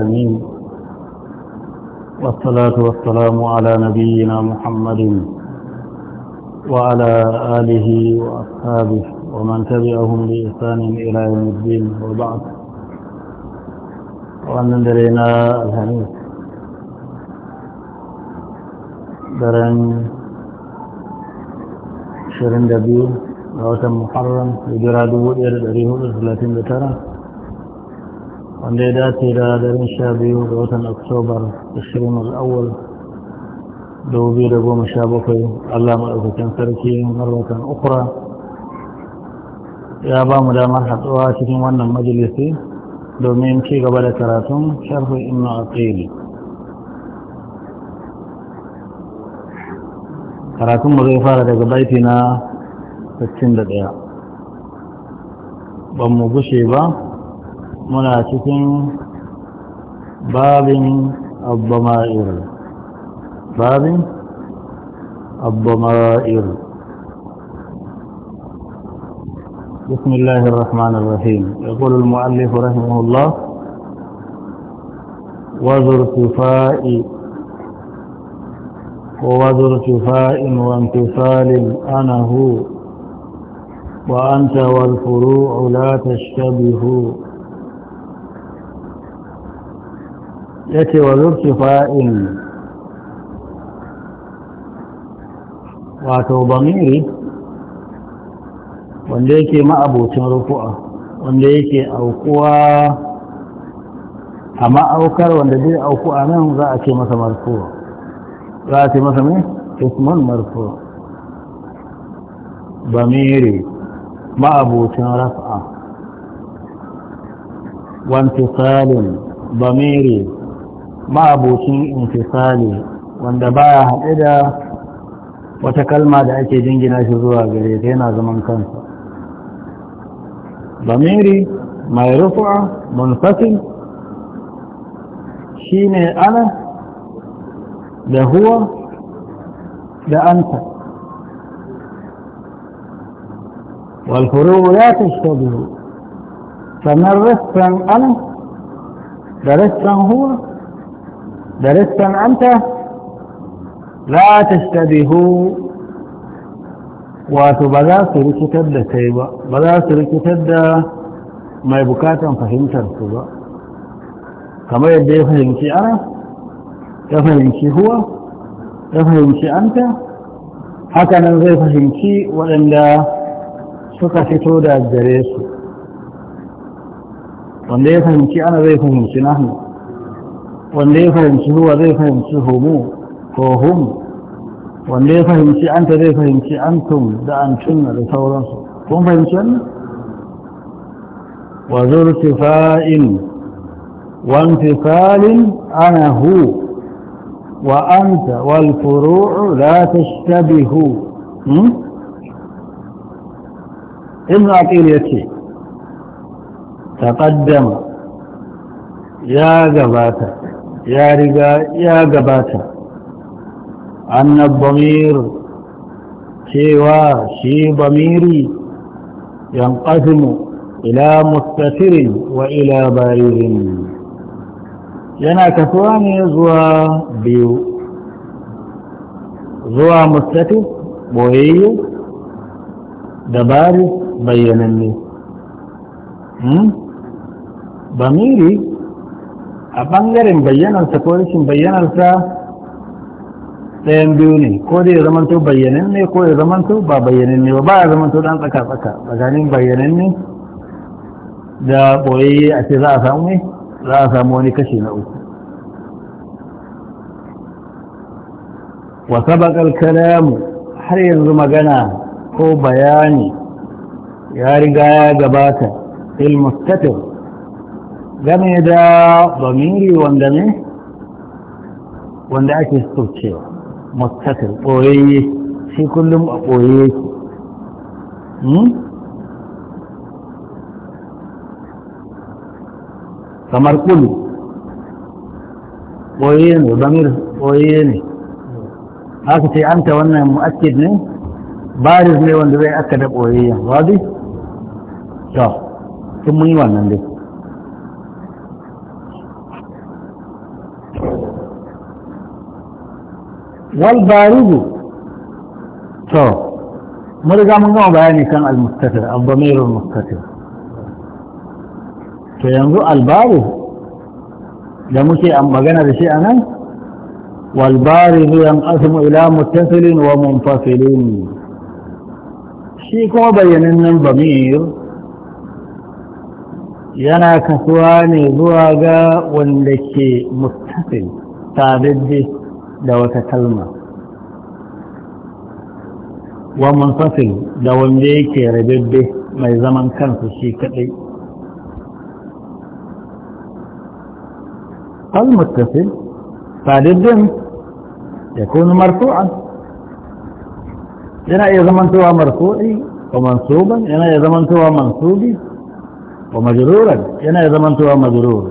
أمين والصلاة والسلام على نبينا محمد وعلى آله وأصحابه ومن تبعهم بإحسان إلى يوم الدين وبعد وأن درينا الحديث درن شرين دبيو محرم لجرى دبو إير دريه 39 wanda ya dace da daren sha biyu ga watan oktobar 21 sha bakwai allah maɗaukakin sarki marwatan ukura ya ba mu damar hatsuwa cikin wannan majalisi domin ci gaba da karatun sharhin ibn aqil karatun mu zai fara daga baiti na 61 ban mu gushe ba muna cikin babin باب babin بسم الله الرحمن الرحيم يقول المؤلف رحمه الله وذو ارتفاء ووذو ارتفاء وانتصال انا هو وأنت والفروع لا تشتبه ya ce wa zurfi fa'in wato bamiri wanda yake ma'abocin rufu'a wanda yake aukuwa a ma'aukar wanda zai aukuwa nan za a ce masa marfu, za a ce masa mai isman marfu, bamiri ma'abocin rafa wantisalin bamiri ma'abocin intisali wanda baya haɗe da wata kalma da ake jingina shi zuwa gare ta yana zaman kansa bamiri mai rufuwa munfasin shi ne ana da huwa da anta والفروع لا biyu sannan rufin ana da rufin huwa درستا أنت لا تشتبه wato ba za su rikitar da kai ba ba za su rikitar da mai bukatan fahimtar su ba kamar yadda ya fahimci ara ya fahimci huwa ya fahimci anta haka nan zai fahimci waɗanda suka fito da gare su wanda ya fahimci ana zai fahimci nahu wanda ya fahimci huwa zai fahimci homo ko hum wanda ya fahimci anta zai fahimci antum da antum da sauransu kun fahimci wannan wa zurtifa'in wa intifalin ana hu wa anta wal furu'u la tashtabihu ibn aqil yace taqaddama ya gabata ya riga ya gabata annab damir cewa shi bamiri 'Yan yanqasimu ila mustatirin wa ila baririn yana kasuwa ne zuwa biyu zuwa mustafi boyayye da bari bayyananne bamiri hmm? a ɓangaren bayyanarsa ko rashin bayyanarsa ɗayan biyu ne ko dai zamanto bayyanan ne ko ya zamanto ba bayyanan ne ba ba ya zamanto ɗan tsaka-tsaka tsakanin bayyanan ne da ɓoye a ce za a samu ne za a samu wani kashi na uku wa sabaqal kalamu har yanzu magana ko bayani ya riga ya gabata ilmustatir game da bamiri wanda ne wanda ake saucewa mustatir ɓoyayye shi kullum a ɓoye yake hmm? kamar kulu ɓoye ne bamir ɓoye ne haka ce an ta wannan mu'akkid ne baris ne wanda zai aka da ɓoye wadi? to sun mun yi wannan dai wal baridu to mun riga mun gama bayani kan al-mustatir al-damir al-mustatir to yanzu al da muke an magana shi anan wal barid yanqasimu ila muttasilin wa munfasilin shi kuma bayyanannen damir yana kasuwa ne zuwa ga wanda ke muttasil da wata kalma wa munfasil da wanda yake rababbe mai zaman kansa shi kadai المتصل بعد الدم يكون مرفوعا هنا إذا منتوى مرفوعي ومنصوبا هنا إذا منتوى منصوبي ومجرورا هنا إذا منتوى مجرور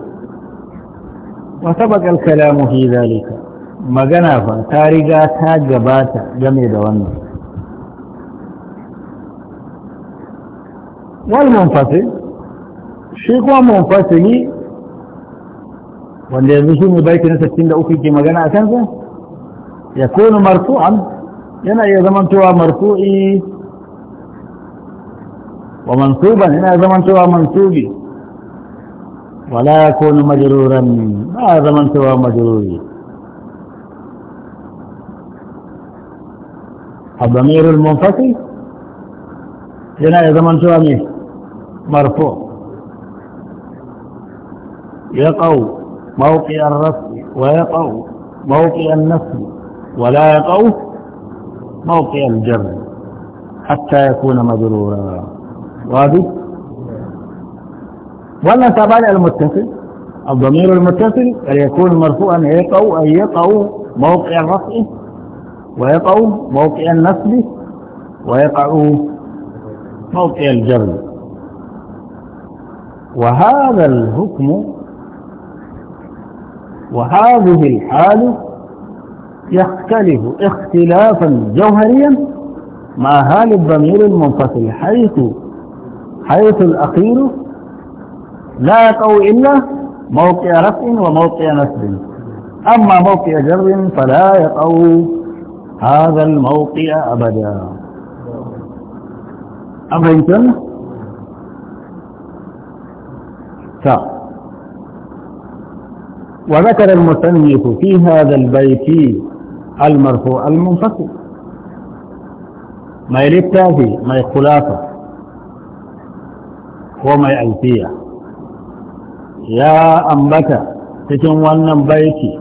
وسبق الكلام في ذلك magana fa ta riga ta gabata game da wannan wal munfasil shi kuma munfasili wanda yanzu shi mu baiti na 63 ke magana a kansa ya kone marfu'an yana iya zamantowa marfu'i wa mansuban yana zamantowa mansubi wala ya majruran majaruran ba zamantowa majruri الضمير المنفصل هنا يضمن تواميه يعني؟ مرفوع يقع موقع الرفع ويقع موقع النصب ولا يقع موقع الجر حتى يكون مجرورا واضح والنصبان المتصل الضمير المتصل أن يكون مرفوعا يقع أن يقع موقع الرفع ويقع موقع النصب ويقع موقع الجر وهذا الحكم وهذه الحال يختلف اختلافا جوهريا مع حال الضمير المنفصل حيث حيث الأخير لا يقع إلا موقع رفع وموقع نسب أما موقع جر فلا يقع هذا الموقع أبدا ف طيب. وذكر المصنف في هذا البيت المرفوع المنفصل ما للتافي ما خلافة وما ألفية يا أنبتا تتنوانا بيتي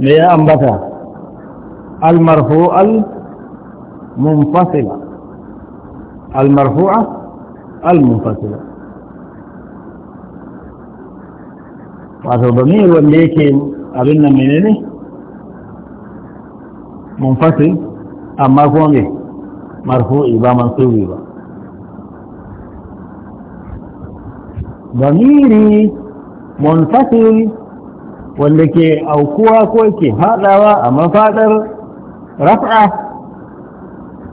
يا أنبتا المرفوع المنفصلة المرفوعة المنفصلة wato domin wanda yake abin nan menene munfasil amma kuma ne marfu'i ba mansubi ba damiri munfasil wanda ke aukuwa ko ke haɗawa a mafaɗar رفعة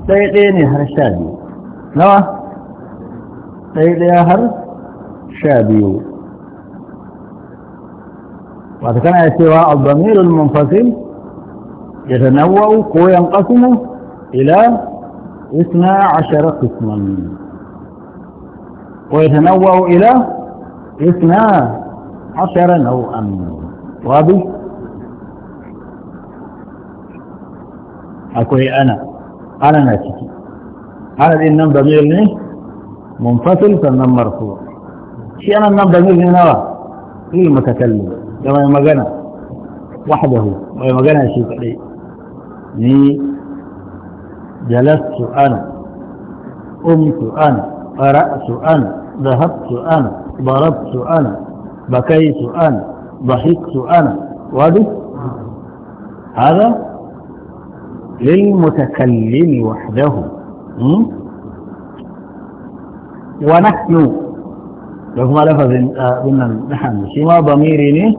سيديني هر الشابي نوى سيديني هر شابي وكان سوى الضمير المنفصل يتنوع وينقسم إلى اثنى عشر قسما ويتنوع إلى اثنى عشر نوعا واضح akwai ana ana na ciki ana din nan damir ne munfasil sannan marfu shi ana nan damir ne nawa lil mutakallim da mai magana wahdahu mai magana shi kadai ni jalastu ana umtu ana qara'tu ana ذهبت أنا ضربت أنا بكيت أنا ضحكت أنا وده هذا للمتكلم وحده ونحن لفظ لفظ آه، قلنا نحن شما ضميرني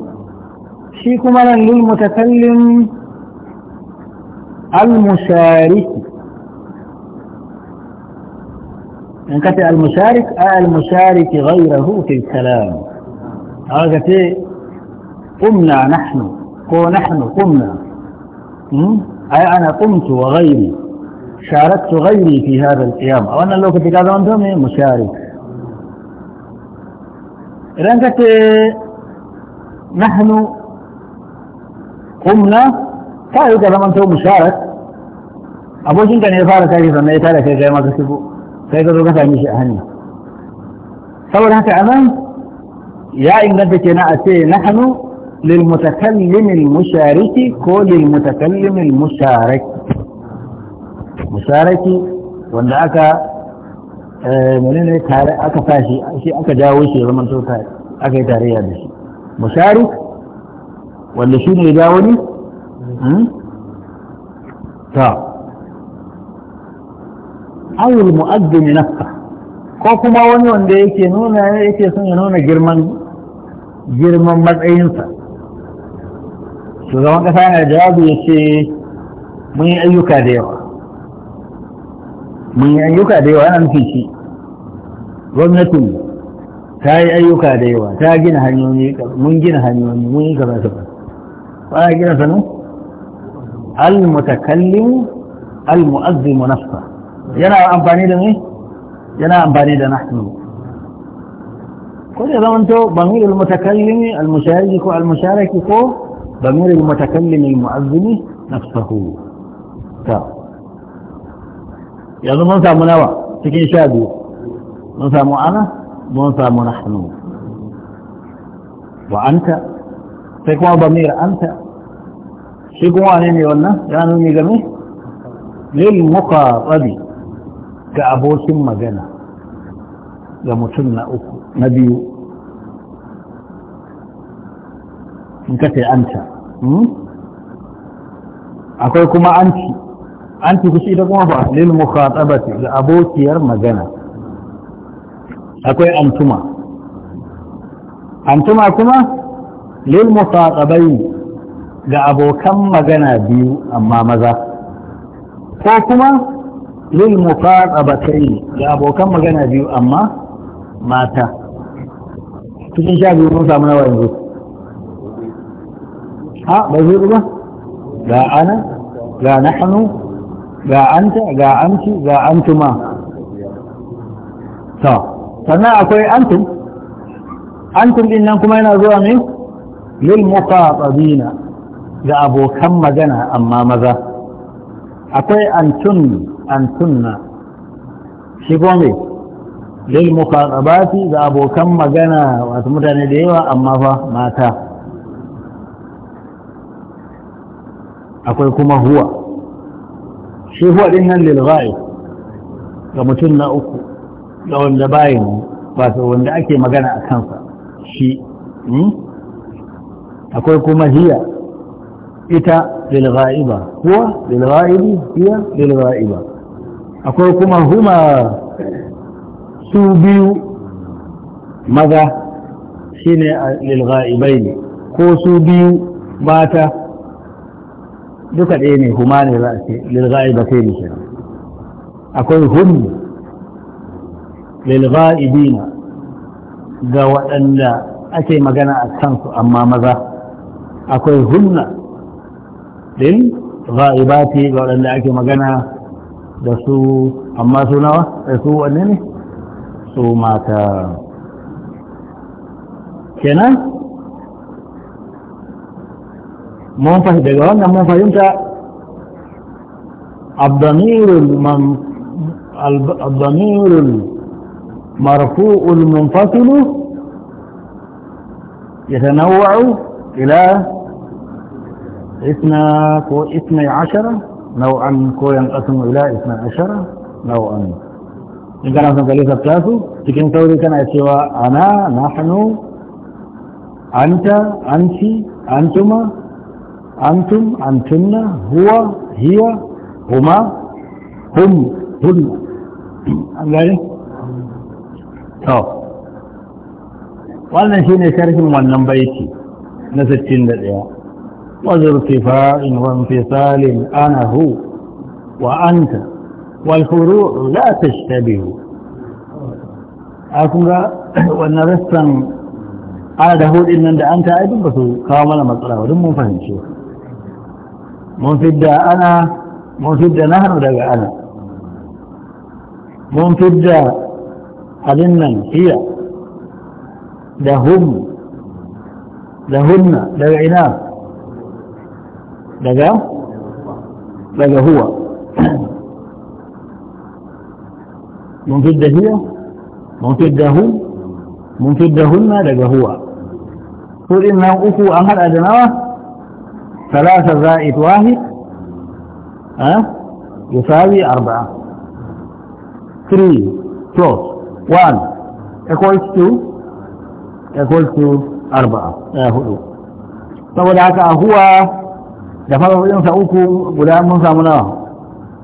شيكم انا للمتكلم المشارك ان كتب المشارك آه المشارك غيره في الكلام هذا في قمنا نحن قو نحن قمنا أي أنا قمت وغيري شاركت غيري في هذا القيام أو أنا لو كنت قاعد أنتم مشارك إذا قلت نحن قمنا كاي كذا أنتم مشارك أبو جنك أن يفعل أجي فما يتالك يا ما تكتبوا كيف تبقى تعميش أهنيا صور هكا أمام يا إن قد نحن للمتكلم المشارك كل المتكلم المشارك مشارك وانداك آه، منين إيه؟ اكا فاشي اكا جاوشي زمن توتا اكا يتاريا بشي مشارك ولا شين يجاوني تا او المؤذن نفسه ko kuma wani wanda yake nuna yake son ya nuna girman تزوان قطعنا الجواب يتي مي أيوكا ديوة مي أيوكا ديوة أنا مفيشي ومنتم تاي أيوكا ديوة تاقين هنيوني منجين هنيوني منيكا باسبا فأنا سنو المتكلم المؤذم نفسه ينا أمباني دمي ينا أمباني دا نحن كل إذا أنتو بميل المتكلم المشارك والمشارك فوه ضمير المتكلم المؤذن نفسه yanzu mun samu nawa cikin sha biyu mun samu ana mun samu nahnu wa anta sai kuma bamir anta kuma ne ne wannan ya nuni game lil muqatabi ga abokin magana ga mutum na biyu in ka ce anta hmm? akwai kuma anti anti kusa ita kuma ba lil mukhatabati ga abokiyar magana akwai antuma antuma kuma lil mukhatabai ga abokan magana biyu amma maza ko kuma lil mukhatabatai ga abokan magana biyu amma mata cikin sha biyu mun samu na nawa yanzu ha ba zai ba ga ana ga nahnu ga anta ga amci ga antuma to sannan akwai antum antum din kuma yana zuwa ne lil muqatabina ga abokan magana amma maza akwai antun antunna shi gome lil muqatabati ga abokan magana wasu mutane da yawa amma fa mata akwai kuma huwa shi huwa din nan lil ghaib ga mutum na uku da wanda bayin ba su wanda ake magana a kansa shi hmm? akwai kuma hiya ita lil ghaiba huwa lil ghaibi hiya lil ghaiba akwai kuma huma su biyu maza shine lil ghaibaini ko su biyu mata duka ɗaya ne kuma ne za a ce lilga'i ba sai ne kenan akwai hum lilga'i dina ga waɗanda ake magana a kansu amma maza akwai hunna din ra'ibati ga waɗanda ake magana da su amma su nawa da su wanne ne su mata kenan mun fahimta daga wannan mun fahimta abdamirul man abdamirul marfu'ul munfasilu yatanawwa'u اثنا كو اثني عشرة نوعا كو ينقسم الى اثنى عشرة نوعا ان كان مثلا ثلاثة ثلاثة تكين تولي كان سوى انا نحن انت انت انتما antum antunna huwa hiya huma hum hunna an gane to wannan shine sharhin wannan baiti na 61 wazir tifa'in wa infisalin ana hu wa anta wal furu' la tashtabihu akun ga wannan rassan ana da hudin nan da an ta ba su kawo mana matsala wadin fahimci mun fidda ana mun fidda nahnu daga ana mun fidda abin nan hiya da hum da hunna daga ina daga daga huwa mun fidda hiya mun fidda hum mun fidda hunna daga huwa ko din nan uku an hada da nawa ثلاثة زائد واحد ها يساوي أربعة 3 plus 1 equals to equals to 4 ya hudu saboda haka huwa da farfaɗinsa uku guda mun samu nawa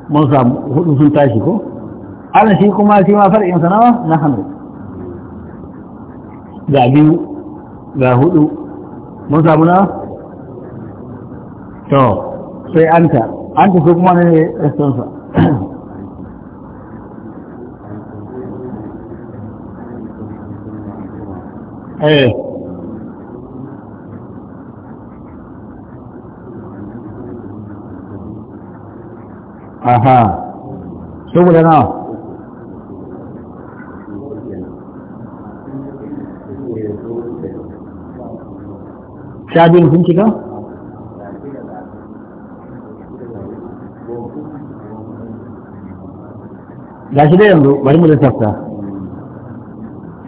mun samu hudu sun tashi ko ana shi kuma shi ma far'insa nawa na hannu ga biyu ga hudu mun samu nawa to sai anta anta su kuma ne rastonsa eh aha saboda nawa sha biyu sun gashi dai yanzu bari mu lissafta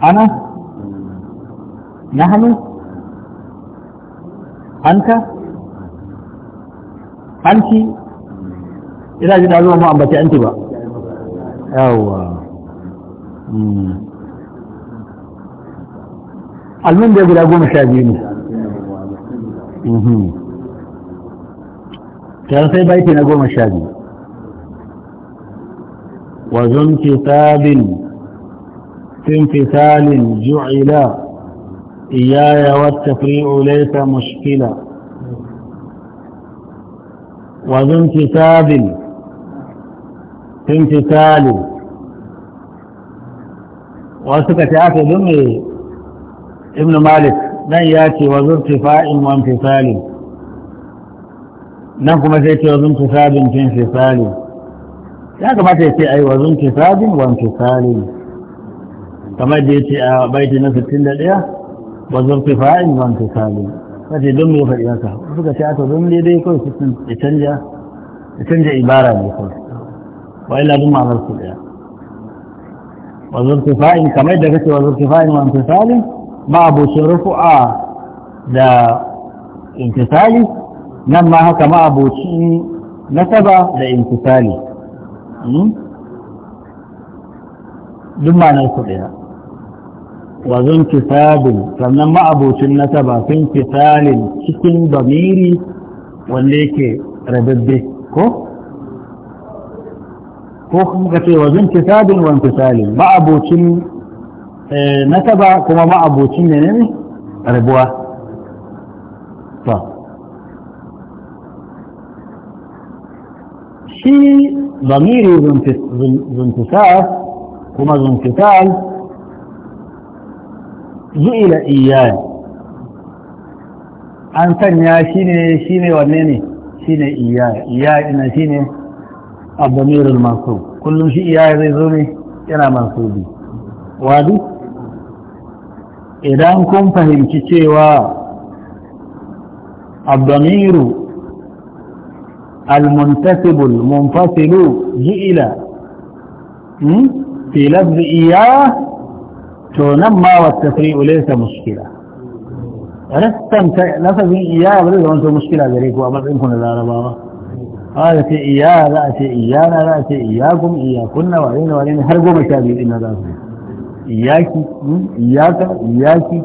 ana na hannu hanta hanci ina ji da zuwa mu ambaci anti ba yawa hmm. almin da guda goma sha biyu ne mhm. sai baiti na goma sha biyu وذو انتساب في امتثال جعلا إياي والتفريع ليس مشكلا وذو انتساب في امتثال وسكت ياتي ذم ابن مالك من ياتي وذو ارتفاع وانتثال نحن كما سيتي وذو انتثاب في امتثال ya kamata ya ce yi wa zunke sabin wa infisalin kamar da ya ce a baiti na 61 wa zunke fa'in wa ya ce don mai faɗi haka suka ce aka zunke dai kawai su ya canja ya canja ibara mai kawai wa ila dun ma'anar su ɗaya wa zunke fa'in kamar da kace wa zunke fa'in wa infisalin ma abocin rufu'a da intisali nan ma haka ma abocin nasaba da intisali Hmm? duk ma'anar su ɗaya wa zun kitabin sannan ma'abocin nasaba sun kitalin cikin bamiri wanda yake rababbe ko ko kuma ce wa zun kitabin wa kitalin ma'abocin eh, nasaba kuma ma'abocin ne ne rabuwa shi ضميري ذو انتساف وما ذو انتسال جئل إياي an sanya shine shine wanne ne shine iya iya ina shine abdamirul mansub kullum shi iya zai zo ne yana mansubi wadi idan kun fahimci cewa abdamiru المنتسب المنفصل جئلا في لفظ إياه تنمى والتفريع ليس مشكلة رستم لفظ إياه وليس أنت مشكلة ذلك وأمرئكم الأربابة آه، قال في إياه لا في إيانا لا في إياكم إياكن وعين وعين هرقوا مشابه إن ذا إياكي إياك إياكي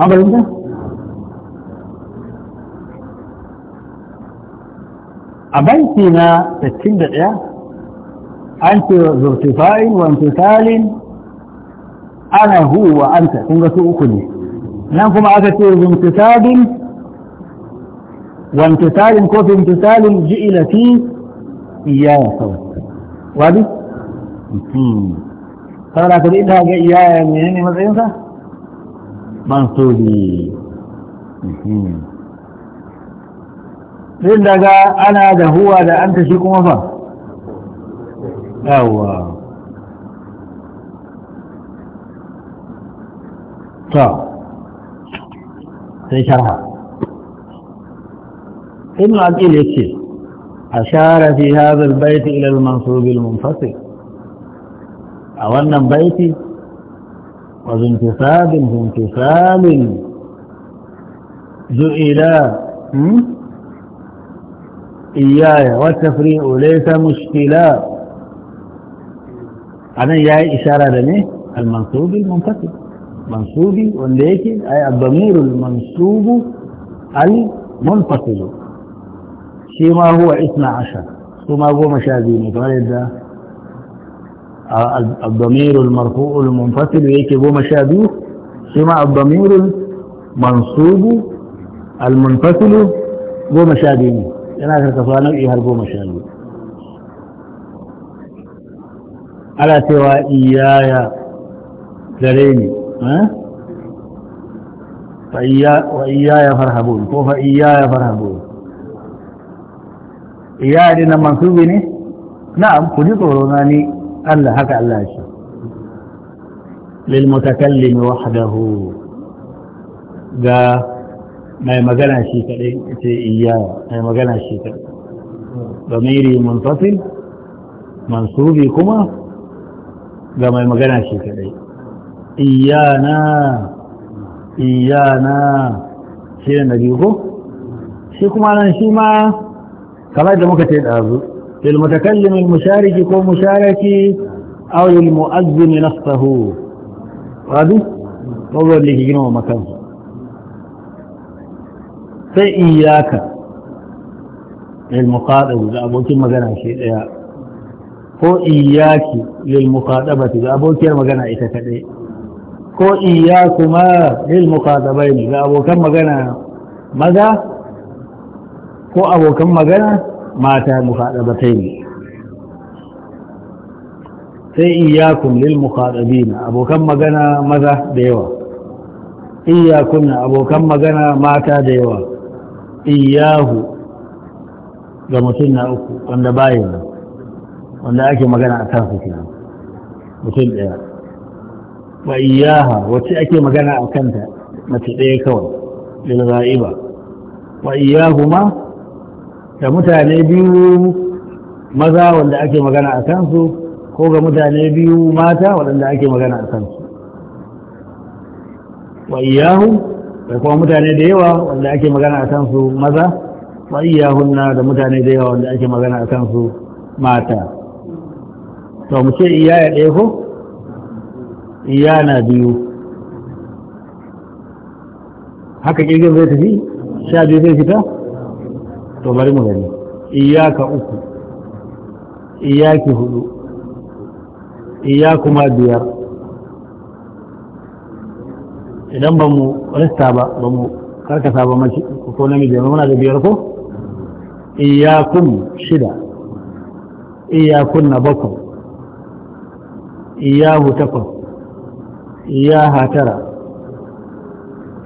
أمر إنت a banki na 61 an ce zurtifa'in wa intisalin ana hu wa anta kun ga su uku ne nan kuma aka ce zurtifa'in wa intisalin ko intisalin ji'ila fi iyaya kawai wadi? saboda ka ita ga iyaya ne ne matsayinsa? mansubi sai daga ana da huwa da an ta shi kuma fa yawa ta sai sharha ابن عقيل يكي أشار في هذا البيت إلى المنصوب المنفصل أولا بيتي وبانتصاب انتصال جئلا إياي والتفريع ليس مشكلا أنا إياي إشارة لني المنصوب المنفصل منصوب وليك أي الضمير المنصوب المنفصل ما هو إثنى عشر ثم هو مشابين فهذا طيب. آه، الضمير المرفوع المنفصل يكي هو مشابيه شما الضمير المنصوب المنفصل هو مشابين yana karkasuwa nau'i har goma sha biyu ana cewa iyaya gare ni wa iyaya farhabun ko fa iyaya farhabun iyaya din nan mansubi ne na'am ku ji tsoro na ni Allah haka Allah shi lil mutakallim wahdahu ga mai magana shi kaɗai ce iyawa mai magana shi kaɗai domiri munfasil mansubi kuma ga mai magana shi kaɗai iyana iyana shi ne na biyu ko shi kuma nan shi ma kamar da muka ce ɗazu ilmutakallimin mushariki ko mushariki au ilmu'azzini nafsahu wadu ɗaukar da ke gina wa makansu sai iyaka lil muqadab da abokin magana shi daya ko iyaki lil muqadabati da abokiyar magana ita kaɗai. ko iyakuma lil muqadabaini da abokan magana maza ko abokan magana mata yi. sai iyakun lil muqadabina abokan magana maza da yawa iyakun abokan magana mata da yawa iyahu ga mutum na uku wanda baya nan wanda ake magana a kansa ke mutum ɗaya wa iyaha wacce ake magana a kanta mace ɗaya kawai lil ra'iba wa iyahu ma da mutane biyu maza wanda ake magana a kansu ko ga mutane biyu mata waɗanda ake magana a kansu wa iyahu da kuma mutane da yawa wanda ake magana a kansu maza wa iyahunna da mutane da yawa wanda ake magana a kansu mata to mu ce iya ya ɗaya ko iya na biyu haka ƙirgin zai tafi sha biyu zai fita to bari mu gani iyaka uku iyaki hudu iya kuma biyar idan ba mu rasta ba ba mu karkasa ba mace ko namiji ba muna da biyar ko iyakun shida iyakun na bakwai iyahu takwas iyaha tara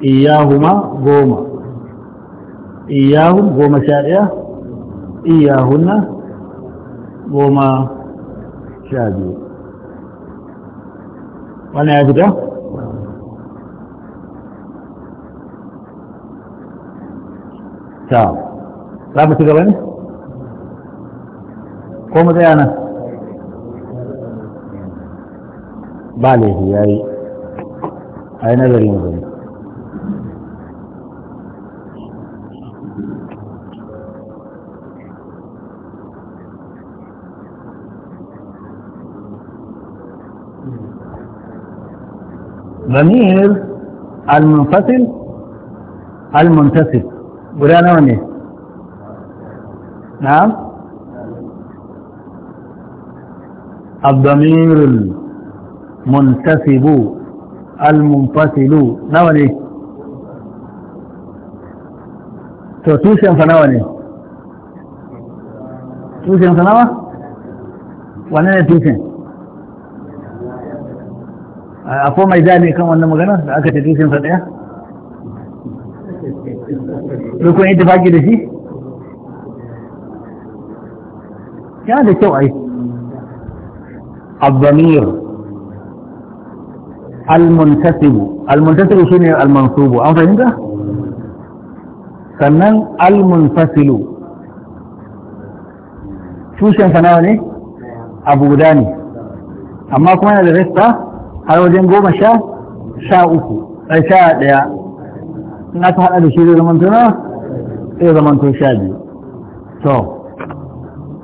iyahuma goma iyahu goma sha ɗaya iyahunna goma sha biyu wani ya fita? الاختيار رابط تقرأني قوم ديانا باليه اي اي نظر ينظر ضمير المنفصل المنتسب guda nawa ne na'am abdamirul muntasibu al-munfasilu nawa ne to tushen fa nawa ne tushen fa nawa wane ne tushen akwai mai jami kan wannan magana da aka ce tushen sa daya الضمير المنتسب المنتسب شنو المنصوب او فهمتها؟ فنان المنفصل شو شنو فناني ابو داني اما كما انا درست هل وجن جو مشى شاء شاء ده ناس هذا الشيء اللي منتظره sai zaman to sha biyu to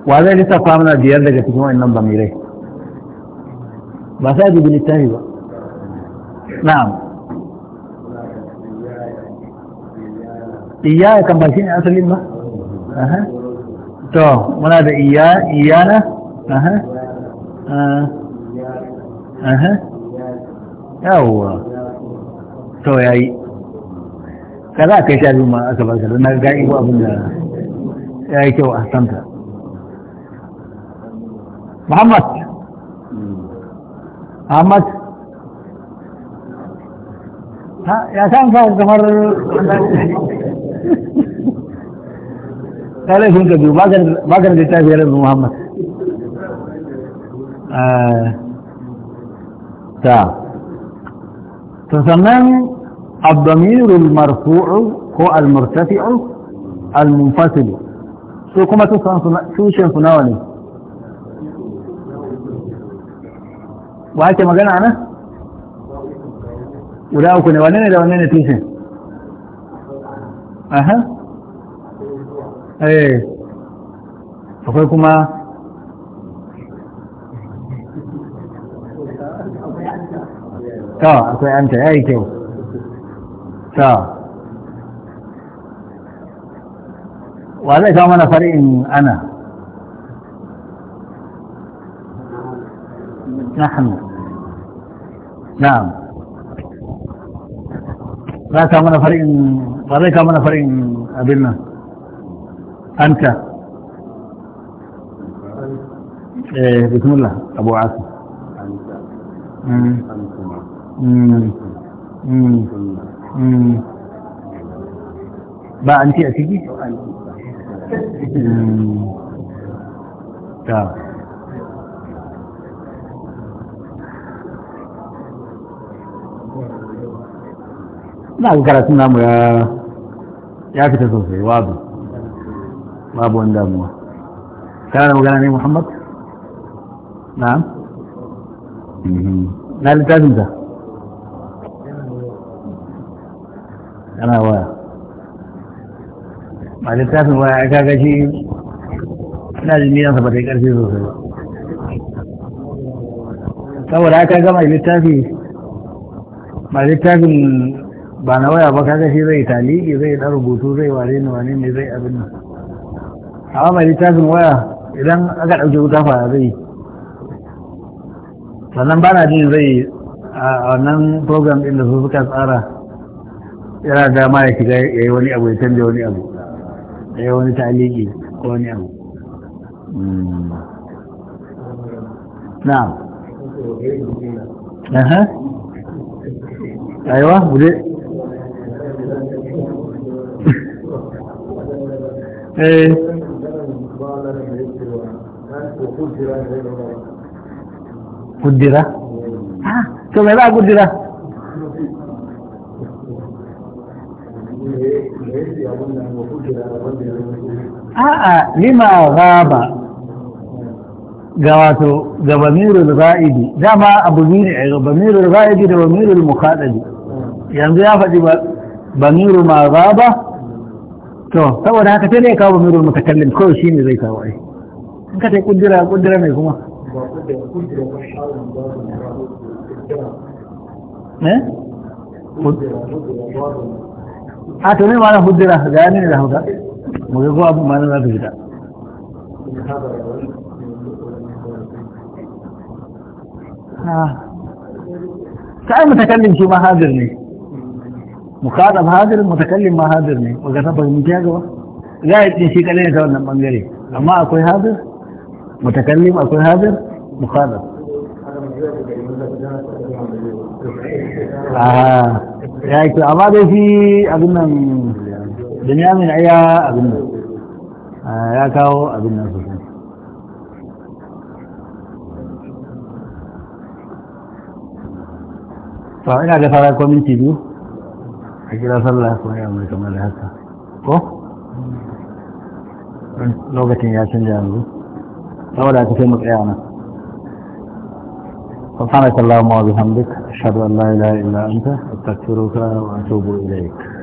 wa zai lissafa mana biyar daga cikin wannan bamirai ba sai dubi littafi ba na'am iyaya kan ba shi ne asalin ba to muna da iyana aha ah. aha yawwa to yayi ka za kai sha biyu ma aka barka don na ga ibo abin da ya yi kyau a santa Muhammad Muhammad ya san fa kamar kare sun ka biyu ba ka da littafi ya rabu Muhammad eh, ta to sannan الضمير المرفوع هو المرتفع المنفصل شو كما شو شو شو وهكي ما قلنا عنا وراءو كنا وانين الى وانين اتنسي اها إيه. آه، اي ايه كما اه اكوي انت ايه كيف حتى طيب. وليس من فريق أنا نحن نعم لا تعمل فريق وليس من فريق أبينا أنت إيه، بسم الله أبو عاصم أنت أنت Mm. ba an ce a ciki? Mm. ta na ga karatun namu ya ya fita sosai wazo. babu wani damuwa kana da magana ne muhammad mm-hmm. na na littafinta a littafin waya ya kaga shi ina jin niyansa ba ta yi ƙarfi sosai ba saboda aka gama littafi ba littafin ba na waya ba kaga shi zai taliki zai ɗan rubutu zai ware ni wane ne zai abin nan amma mai littafin waya idan aka ɗauke wuta fara zai sannan ba na jin zai a wannan program ɗin da su suka tsara yana dama ya shiga ya yi wani abu ya canja wani abu sai wani taliki ko wani abu hmm. na aha aiwa bude eh kudira ah, to me za a kudira a'a lima gaba ga wato ga bamirul ra'idi dama abu biyu ne ga bamirul ra'idi da bamirul mukhadabi yanzu ya faɗi ba bamiru ma gaba to saboda haka sai ne kawo bamirul mutakallim ko shi ne zai kawo ai in ka ta kudura kudura mai kuma eh a to ne ma na hudura ga ne da hauka mu ga zuwa abin mana za ka fita ah. ta yi mutakallin shi ma hadir ne mukatab hadir mutakallin ma hadir ne ba ga ta fahimci ya gaba za a yi shi kadai ne ta wannan bangare amma akwai hadir mutakallim akwai mu kada ah. ya yi amma dai fi abin nan binyamin ai ya abin nan ya kawo abin nan sosai to ina ga fara biyu a kira sallah kuma ya mai kamar da haka ko lokacin ya canja yanzu saboda sai mu tsaya nan سبحانك اللهم وبحمدك أشهد أن لا إله إلا أنت أستغفرك وأتوب إليك